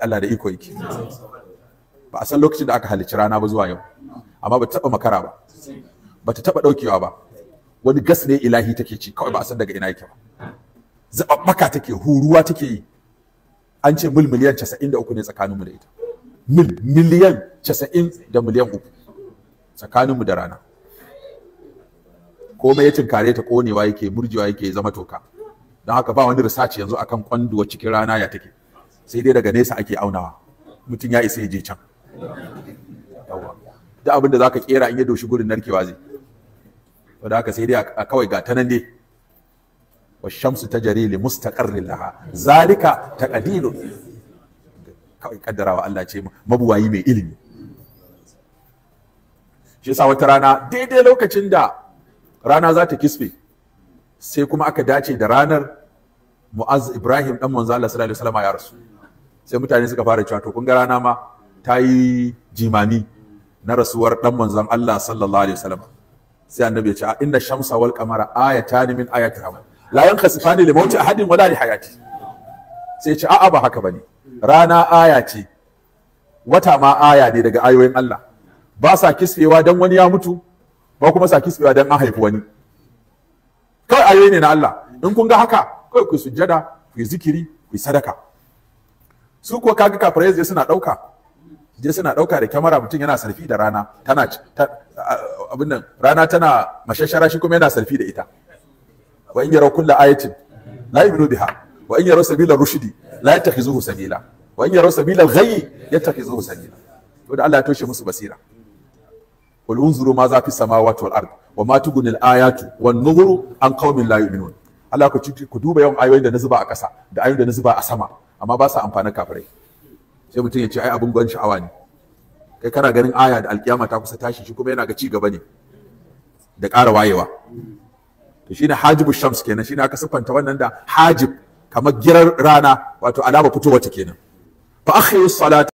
Allah da iko yake ba a san lokacin da aka halicci rana ba zuwa yau amma ba ta taba makara ba ba ta taba daukewa ba wani gas ne ilahi take ci kawai ba a san daga ina yake ba zababbaka take huruwa take yi an ce mil miliyan 93 ne tsakanin mu da ita mil miliyan 90 da miliyan 3 mu da rana komai ya kare ta konewa yake murjiwa yake zama toka don haka ba wani research yanzu akan kwanduwa cikin rana ya take sai dai daga nesa ake aunawa mutum ya isa je can da abin da za ka kera in ya doshi gurin narkewa zai wadda haka sai dai a kawai ga ta nan dai wa shamsu ta jari li mustaqarrin laha zalika taqdirun kawai wa Allah ce mabuwayi mai ilimi shi yasa wata rana daidai lokacin da rana za ta kisbe sai kuma aka dace da ranar Mu'az Ibrahim dan manzo Allah sallallahu alaihi wasallam ya rasu sai mutane suka fara cewa to kun ga rana ma ta yi jimami na rasuwar dan manzon Allah sallallahu alaihi wasallam sai annabi ya ce a inna shamsa wal qamara ayatan min ayati rahman la yanqasifani li mawti ahadin wala li hayati sai ya ce a'a ba haka bane rana aya ce wata ma aya ne daga ayoyin Allah ba sa kisbewa dan wani ya mutu ba kuma sa kisbewa dan an haifi wani kawai ayoyi ne na Allah in kun ga haka kai ku sujjada ku yi zikiri ku yi sadaka su ko kaga kafirai zai suna ɗauka je suna ɗauka da kyamara mutum yana sarfi da rana tana abin nan rana tana mashashara shi kuma yana sarfi da ita wa in yaraw kulla ayatin la yu'minu biha wa in yaraw sabila rushdi la yattakhizuhu sabila wa in yaraw sabila ghayy yattakhizuhu sabila to da Allah ya toshe musu basira wal unzuru ma za fi samawati wal ard wa ma tughnil ayatu wan nuzuru an qaumin la yu'minun Allah ku duba yawan ayoyin da na zuba a ƙasa da ayoyin da na zuba a sama amma ba sa amfanin kafirai sai mutum ya ce ai abin gwan sha'awa ne kai kana ganin aya da alkiyama ta kusa tashi shi kuma yana ga ci gaba ne da ƙara wayewa to shine hajibu shams kenan shine aka siffanta wannan da hajib kamar girar rana wato alama fitowa ta kenan fa akhiru salata